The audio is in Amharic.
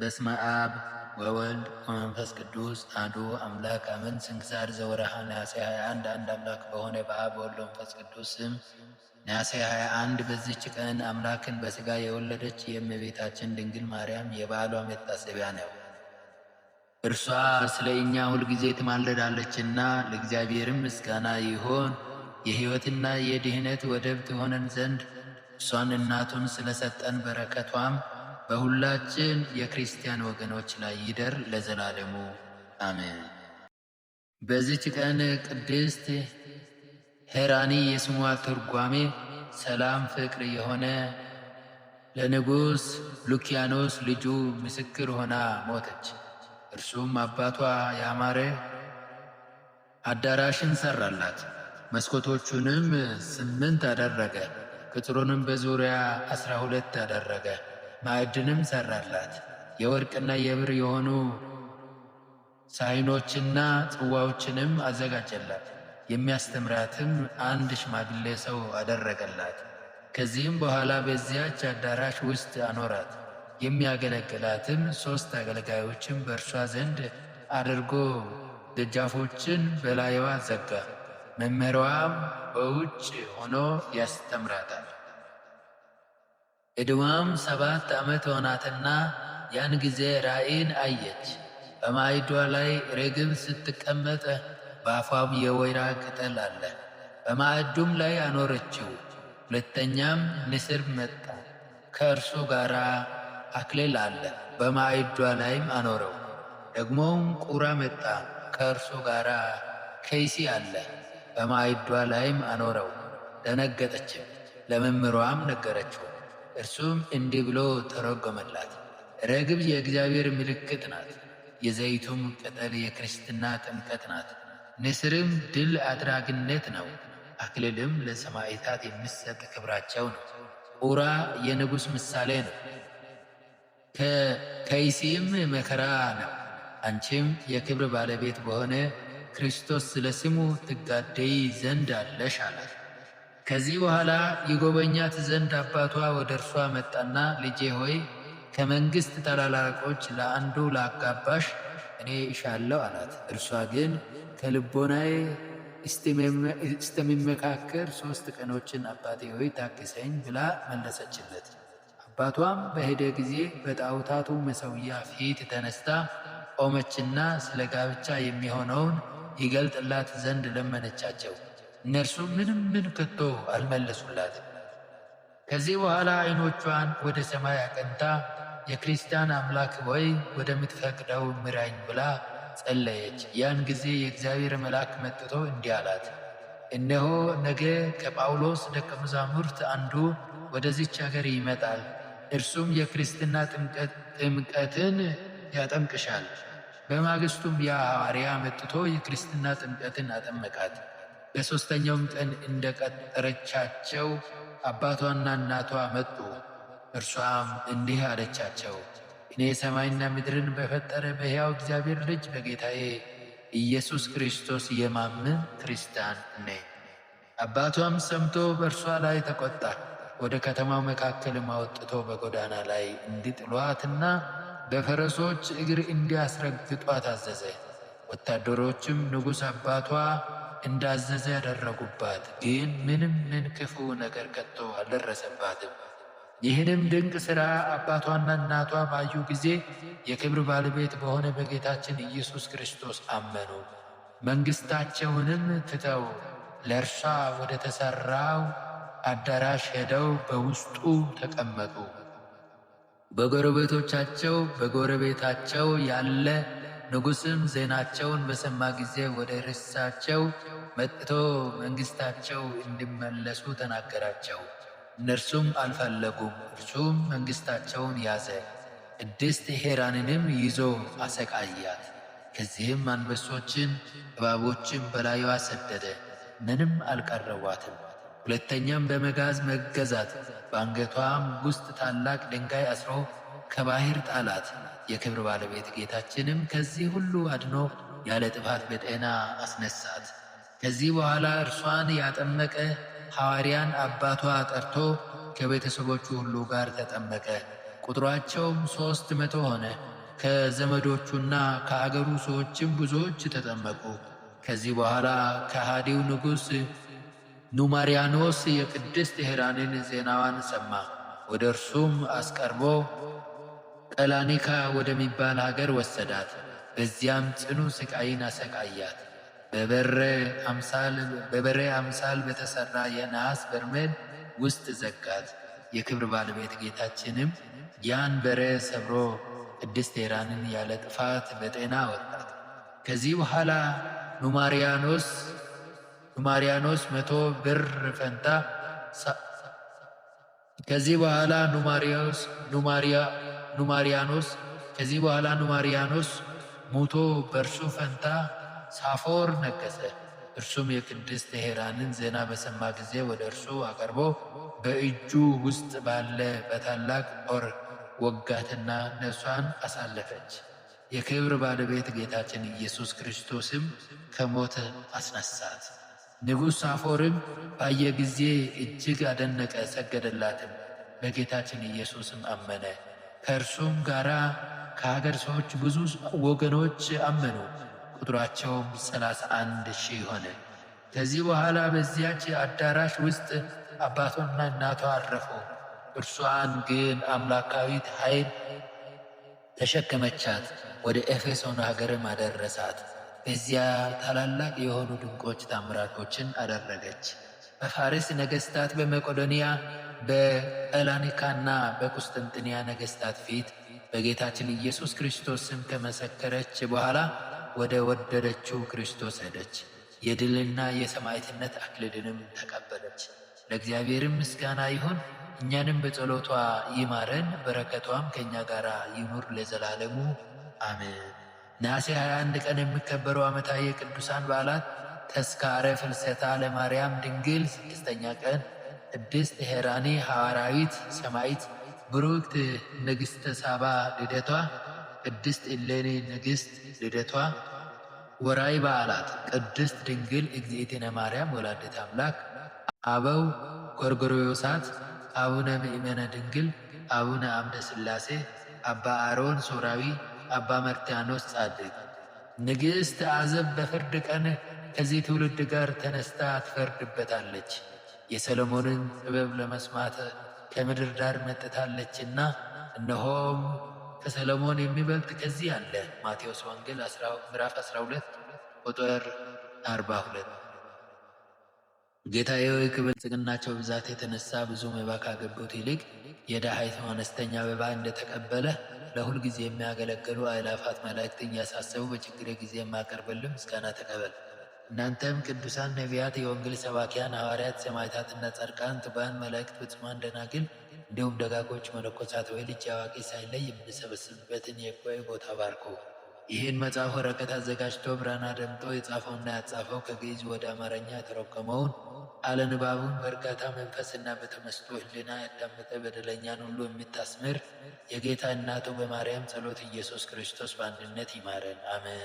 በስመ አብ ወወልድ ወመንፈስ ቅዱስ አሐዱ አምላክ አሜን። ስንክሳር ዘወርኀ ነሐሴ 21 አንድ አምላክ በሆነ በአብ ወወልድ ወመንፈስ ቅዱስ ስም ነሐሴ 21 በዚች ቀን አምላክን በሥጋ የወለደች የእመቤታችን ድንግል ማርያም የበዓሏ መታሰቢያ ነው። እርሷ ስለ እኛ ሁልጊዜ ትማልዳለችና ለእግዚአብሔርም ምስጋና ይሆን። የሕይወትና የድህነት ወደብ ትሆነን ዘንድ እርሷን እናቱን ስለሰጠን በረከቷም በሁላችን የክርስቲያን ወገኖች ላይ ይደር ለዘላለሙ አሜን። በዚች ቀን ቅድስት ሄራኒ የስሟ ትርጓሜ ሰላም ፍቅር የሆነ ለንጉሥ ሉኪያኖስ ልጁ ምስክር ሆና ሞተች። እርሱም አባቷ ያማረ አዳራሽን ሰራላት፣ መስኮቶቹንም ስምንት አደረገ፣ ቅጥሩንም በዙሪያ አስራ ሁለት አደረገ። ማዕድንም ሰራላት። የወርቅና የብር የሆኑ ሳህኖችና ጽዋዎችንም አዘጋጀላት። የሚያስተምራትም አንድ ሽማግሌ ሰው አደረገላት። ከዚህም በኋላ በዚያች አዳራሽ ውስጥ አኖራት። የሚያገለግላትም ሦስት አገልጋዮችን በእርሷ ዘንድ አድርጎ ደጃፎችን በላይዋ ዘጋ። መምህሯም በውጭ ሆኖ ያስተምራታል። ዕድዋም ሰባት ዓመት ሆናትና ያን ጊዜ ራእይን አየች። በማዕዷ ላይ ርግብ ስትቀመጥ በአፏም የወይራ ቅጠል አለ። በማዕዱም ላይ አኖረችው። ሁለተኛም ንስር መጣ፣ ከእርሱ ጋር አክሊል አለ። በማዕዷ ላይም አኖረው። ደግሞም ቁራ መጣ፣ ከእርሱ ጋር ከይሲ አለ። በማዕዷ ላይም አኖረው። ደነገጠችም፣ ለመምህሯም ነገረችው። እርሱም እንዲህ ብሎ ተረጎመላት። ርግብ የእግዚአብሔር ምልክት ናት፣ የዘይቱም ቅጠል የክርስትና ጥምቀት ናት። ንስርም ድል አድራጊነት ነው፣ አክሊልም ለሰማዕታት የሚሰጥ ክብራቸው ነው። ኡራ የንጉሥ ምሳሌ ነው፣ ከይሲም መከራ ነው። አንቺም የክብር ባለቤት በሆነ ክርስቶስ ስለ ስሙ ትጋደይ ዘንድ አለሽ አላት። ከዚህ በኋላ የጎበኛት ዘንድ አባቷ ወደ እርሷ መጣና ልጄ ሆይ ከመንግሥት ጠላላቆች ለአንዱ ላጋባሽ እኔ እሻለሁ አላት። እርሷ ግን ከልቦናዬ እስተሚመካከር ሦስት ቀኖችን አባቴ ሆይ ታግሰኝ ብላ መለሰችለት። አባቷም በሄደ ጊዜ በጣውታቱ መሠዊያ ፊት ተነስታ ቆመችና ስለ ጋብቻ የሚሆነውን ይገልጥላት ዘንድ ለመነቻቸው። እነርሱ ምንም ምን ከቶ አልመለሱላትም። ከዚህ በኋላ ዓይኖቿን ወደ ሰማይ አቀንታ የክርስቲያን አምላክ ወይ ወደምትፈቅደው ምራኝ ብላ ጸለየች። ያን ጊዜ የእግዚአብሔር መልአክ መጥቶ እንዲህ አላት፣ እነሆ ነገ ከጳውሎስ ደቀ መዛሙርት አንዱ ወደዚች አገር ይመጣል፣ እርሱም የክርስትና ጥምቀትን ያጠምቅሻል። በማግስቱም ያ ሐዋርያ መጥቶ የክርስትና ጥምቀትን አጠመቃት። በሦስተኛውም ቀን እንደቀጠረቻቸው አባቷና እናቷ መጡ። እርሷም እንዲህ አለቻቸው፣ እኔ ሰማይና ምድርን በፈጠረ በሕያው እግዚአብሔር ልጅ በጌታዬ ኢየሱስ ክርስቶስ የማምን ክርስቲያን ነኝ። አባቷም ሰምቶ በእርሷ ላይ ተቆጣ። ወደ ከተማው መካከልም አውጥቶ በጎዳና ላይ እንዲጥሏትና በፈረሶች እግር እንዲያስረግጧት አዘዘ። ወታደሮችም ንጉሥ አባቷ እንዳዘዘ ያደረጉባት፣ ግን ምንም ምን ክፉ ነገር ከቶ አልደረሰባትም። ይህንም ድንቅ ሥራ አባቷና እናቷ ባዩ ጊዜ የክብር ባለቤት በሆነ በጌታችን ኢየሱስ ክርስቶስ አመኑ። መንግሥታቸውንም ትተው ለእርሷ ወደ ተሠራው አዳራሽ ሄደው በውስጡ ተቀመጡ። በጎረቤቶቻቸው በጎረቤታቸው ያለ ንጉሥም ዜናቸውን በሰማ ጊዜ ወደ ርሳቸው መጥቶ መንግሥታቸው እንዲመለሱ ተናገራቸው። እነርሱም አልፈለጉም። እርሱም መንግሥታቸውን ያዘ፣ ቅድስት ሄራንንም ይዞ አሰቃያት። ከዚህም አንበሶችን እባቦችን በላዩዋ ሰደደ፣ ምንም አልቀረቧትም። ሁለተኛም በመጋዝ መገዛት፣ በአንገቷም ውስጥ ታላቅ ድንጋይ አስሮ ከባህር ጣላት። የክብር ባለቤት ጌታችንም ከዚህ ሁሉ አድኖ ያለ ጥፋት በጤና አስነሳት። ከዚህ በኋላ እርሷን ያጠመቀ ሐዋርያን አባቷ ጠርቶ ከቤተሰቦቹ ሁሉ ጋር ተጠመቀ። ቁጥሯቸውም ሦስት መቶ ሆነ። ከዘመዶቹና ከአገሩ ሰዎችም ብዙዎች ተጠመቁ። ከዚህ በኋላ ከሃዲው ንጉሥ ኑማሪያኖስ የቅድስት ሄራንን ዜናዋን ሰማ። ወደ እርሱም አስቀርቦ ቀላኒካ ወደሚባል አገር ወሰዳት። በዚያም ጽኑ ሥቃይን አሰቃያት። በበሬ አምሳል በተሠራ የነሐስ በርሜል ውስጥ ዘጋት። የክብር ባለቤት ጌታችንም ያን በሬ ሰብሮ ቅድስት ቴራንን ያለ ጥፋት በጤና አወጣት። ከዚህ በኋላ ኑማሪያኖስ ኑማሪያኖስ መቶ ብር ፈንታ ከዚህ በኋላ ኑማሪያኖስ ኑማሪያ ኑማሪያኖስ ከዚህ በኋላ ኑማሪያኖስ ሞቶ በእርሱ ፈንታ ሳፎር ነገሰ እርሱም የቅድስት ቴሄራንን ዜና በሰማ ጊዜ ወደ እርሱ አቀርቦ በእጁ ውስጥ ባለ በታላቅ ጦር ወጋትና ነፍሷን አሳለፈች። የክብር ባለቤት ጌታችን ኢየሱስ ክርስቶስም ከሞት አስነሳት። ንጉሥ ሳፎርም ባየ ጊዜ እጅግ አደነቀ፣ ሰገደላትም። በጌታችን ኢየሱስም አመነ። ከእርሱም ጋር ከሀገር ሰዎች ብዙ ወገኖች አመኑ። ቁጥራቸውም ሰላሳ አንድ ሺህ ሆነ። ከዚህ በኋላ በዚያች አዳራሽ ውስጥ አባቷና እናቷ አረፉ። እርሷን ግን አምላካዊት ኃይል ተሸከመቻት፣ ወደ ኤፌሶን ሀገርም አደረሳት። በዚያ ታላላቅ የሆኑ ድንቆች ታምራቶችን አደረገች። በፋርስ ነገሥታት በመቄዶንያ በቀላኒካና በቁስጥንጥንያ ነገሥታት ፊት በጌታችን ኢየሱስ ክርስቶስ ስም ከመሰከረች በኋላ ወደ ወደደችው ክርስቶስ ሄደች። የድልና የሰማዕትነት አክሊልንም ተቀበለች። ለእግዚአብሔርም ምስጋና ይሁን። እኛንም በጸሎቷ ይማረን፣ በረከቷም ከእኛ ጋር ይኑር ለዘላለሙ አሜን። ነሐሴ 21 ቀን የሚከበረው ዓመታዊ የቅዱሳን በዓላት ተስካረ ፍልሰታ ለማርያም ድንግል ስድስተኛ ቀን ቅድስት ሄራኒ ሐዋርያዊት ሰማዕት፣ ብሩክት ንግሥተ ሳባ ልደቷ፣ ቅድስት እሌኒ ንግሥት ልደቷ። ወራይ በዓላት ቅድስት ድንግል እግዝእትነ ማርያም ወላዲተ አምላክ፣ አበው ጎርጎርዮሳት፣ አቡነ ምእመነ ድንግል፣ አቡነ አምደ ሥላሴ፣ አባ አሮን ሶራዊ፣ አባ መርትያኖስ ጻድቅ። ንግሥት አዘብ በፍርድ ቀን ከዚህ ትውልድ ጋር ተነስታ ትፈርድበታለች። የሰሎሞንን ጥበብ ለመስማት ከምድር ዳር መጥታለችና እነሆም ከሰሎሞን የሚበልጥ ከዚህ አለ። ማቴዎስ ወንጌል ምዕራፍ 12 ቁጥር 42። ጌታዬ ሆይ ከብልጽግናቸው ብዛት የተነሳ ብዙ መባ ካገቡት ይልቅ የድሃይቱ አነስተኛ መባ እንደተቀበለ ለሁል ጊዜ የሚያገለግሉ አእላፋት መላእክት እያሳሰቡ በችግሬ ጊዜ የማቀርብልህ ምስጋና ተቀበል። እናንተም ቅዱሳን ነቢያት፣ የወንጌል ሰባኪያን ሐዋርያት፣ ሰማዕታትና ጻድቃን፣ ትባን መላእክት፣ ፍጹማን ደናግል፣ እንዲሁም ደጋጎች መነኮሳት ወይ ልጅ አዋቂ ሳይለይ የምንሰበስብበትን የጉባኤ ቦታ ባርኩ። ይህን መጽሐፍ ወረቀት አዘጋጅቶ ብራና ደምጦ የጻፈውና ያጻፈው ከግዕዝ ወደ አማርኛ የተረጎመውን አለንባቡን ንባቡን በእርጋታ መንፈስና በተመስጦ ህልና ያዳመጠ በደለኛን ሁሉ የምታስምር የጌታ እናቱ በማርያም ጸሎት ኢየሱስ ክርስቶስ በአንድነት ይማረን፣ አሜን።